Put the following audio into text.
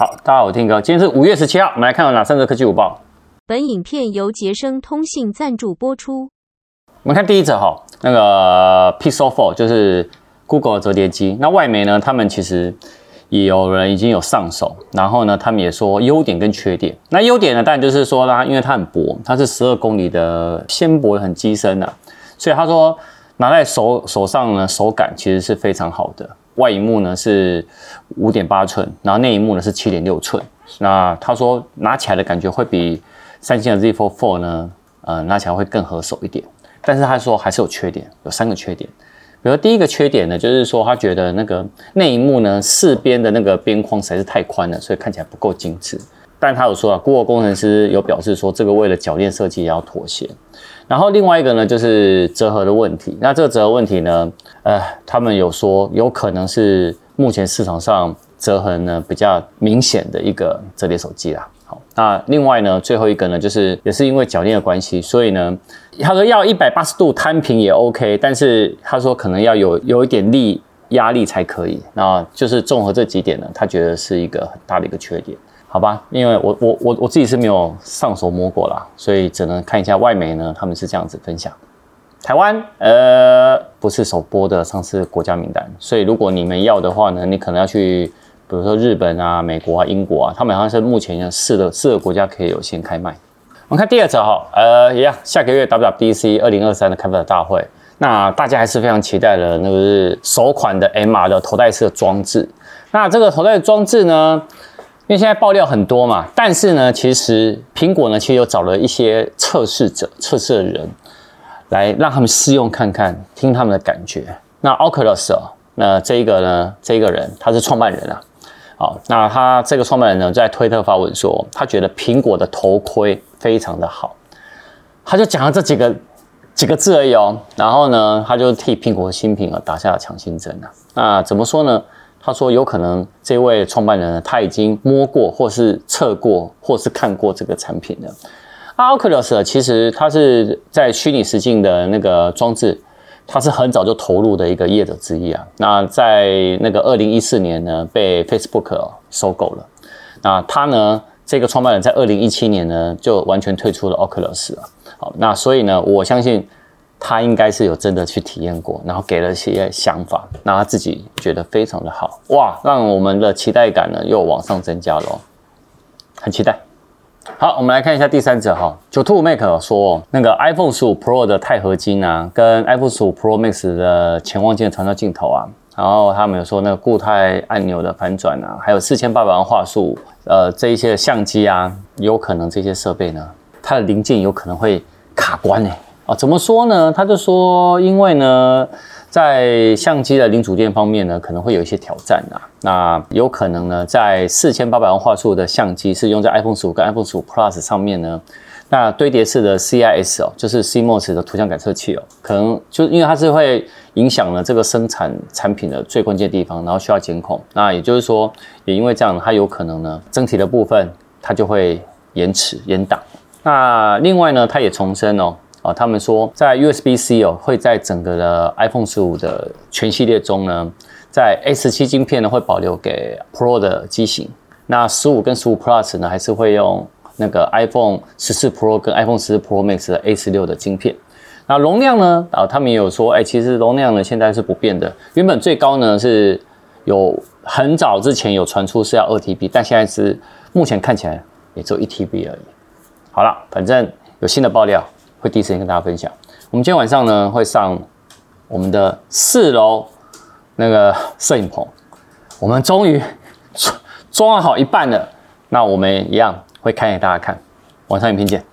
好，大家好，我 Tim 哥，今天是五月十七號，我們來看有哪三則科技午報。本影片由傑生通信贊助播出。我們看第一則哈，那個 Pixel Fold 就是 Google 摺疊機。那外媒呢，他們其實也有人已經有上手，然後呢，他們也說優點跟缺點。那優點呢，當然就是說啦，因為它很薄，它是十二公里的纖薄的很機身啊。所以他說拿在手手上呢，手感其實是非常好的。外螢幕呢是五點八寸，然後內螢幕呢是七點六寸。那他說拿起來的感覺會比三星的 Z Fold4 呢，呃，拿起來會更合手一點。但是他說還是有缺點，有三個缺點。比如第一個缺點呢，就是說他覺得那個內螢幕呢，四邊的那個邊框實在是太寬了，所以看起來不夠精緻。但他有說啊，Google 工程師有表示說，這個為了鉸鏈設計也要妥協。然後另外一個呢，就是折痕的問題。那這個折痕問題呢，呃，他們有說有可能是目前市場上折痕呢比較明顯的一個折疊手機啦。好，那另外呢，最後一個呢，就是也是因為鉸鏈的關係，所以呢，他說要一百八十度攤平也 OK，但是他說可能要有有一點力壓力才可以。那就是綜合這幾點呢，他覺得是一個很大的一個缺點。好吧，因為我我我我自己是沒有上手摸過啦，所以只能看一下外媒呢，他們是這樣子分享。台灣呃不是首播的，上市國家名單，所以如果你們要的話呢，你可能要去，比如說日本啊、美國啊、英國啊，他們好像是目前四個四個國家可以有先開賣。我們看第二則哈，呃，一樣，下個月 WWDC 二零二三的開發者大會，那大家還是非常期待的，那就是首款的 MR 的頭戴式裝置。那這個頭戴裝置呢？因為現在爆料很多嘛，但是呢，其實蘋果呢，其實有找了一些測試者、測試的人來讓他們試用看看，聽他們的感覺。那 Oculus 啊、哦，那這個呢，這個人他是創辦人啊，好、哦，那他這個創辦人呢，在推特發文說，他覺得蘋果的頭盔非常的好，他就講了這幾個幾個字而已哦，然後呢，他就替蘋果新品啊打下了強心針啊，那怎麼說呢？他說：“有可能這位創辦人呢，他已經摸過，或是測過，或是看過這個產品了。那 Oculus 其實他是在虛擬實境的那個裝置，他是很早就投入的一個業者之一啊。那在那個二零一四年呢，被 Facebook 收購了。那他呢，這個創辦人在二零一七年呢，就完全退出了 Oculus 了。好，那所以呢，我相信。”他應該是有真的去體驗過，然後給了一些想法，讓他自己覺得非常的好哇，讓我們的期待感呢又往上增加了，很期待。好，我們來看一下第三者哈、哦，9to5Mac 有說那個 iPhone 十五 Pro 的鈦合金啊，跟 iPhone 十五 Pro Max 的潛望鏡的長焦鏡頭啊，然後他們有說那個固態按鈕的反轉啊，還有四千八百萬畫素，呃，這一些相機啊，有可能這些設備呢，它的零件有可能會卡關誒、欸啊、哦，怎麼說呢？他就說，因為呢，在相機的零組件方面呢，可能會有一些挑戰啊。那有可能呢，在四千八百萬畫素的相機是用在 iPhone 十五跟 iPhone 十五 Plus 上面呢。那堆疊式的 CIS 哦，就是 CMOS 的圖像感測器哦，可能就因為它是會影響了這個生產產品的最關鍵地方，然後需要監控。那也就是說，也因為這樣，它有可能呢，整體的部分它就會延遲延檔。那另外呢，它也重申哦。啊、哦，他們說在 USB C 哦，會在整個的 iPhone 十五的全系列中呢，在 A 十七晶片呢會保留給 Pro 的機型，那十五跟十五 Plus 呢還是會用那個 iPhone 十四 Pro 跟 iPhone 十四 Pro Max 的 A 十六的晶片。那容量呢？啊、哦，他們也有說，哎、欸，其實容量呢現在是不變的，原本最高呢是有很早之前有傳出是要二 T B，但現在是目前看起來也就一 T B 而已。好了，反正有新的爆料。會第一時間跟大家分享。我們今天晚上呢會上我們的四樓那個攝影棚，我們終於裝裝好一半了。那我們一樣會開給大家看。晚上影片見。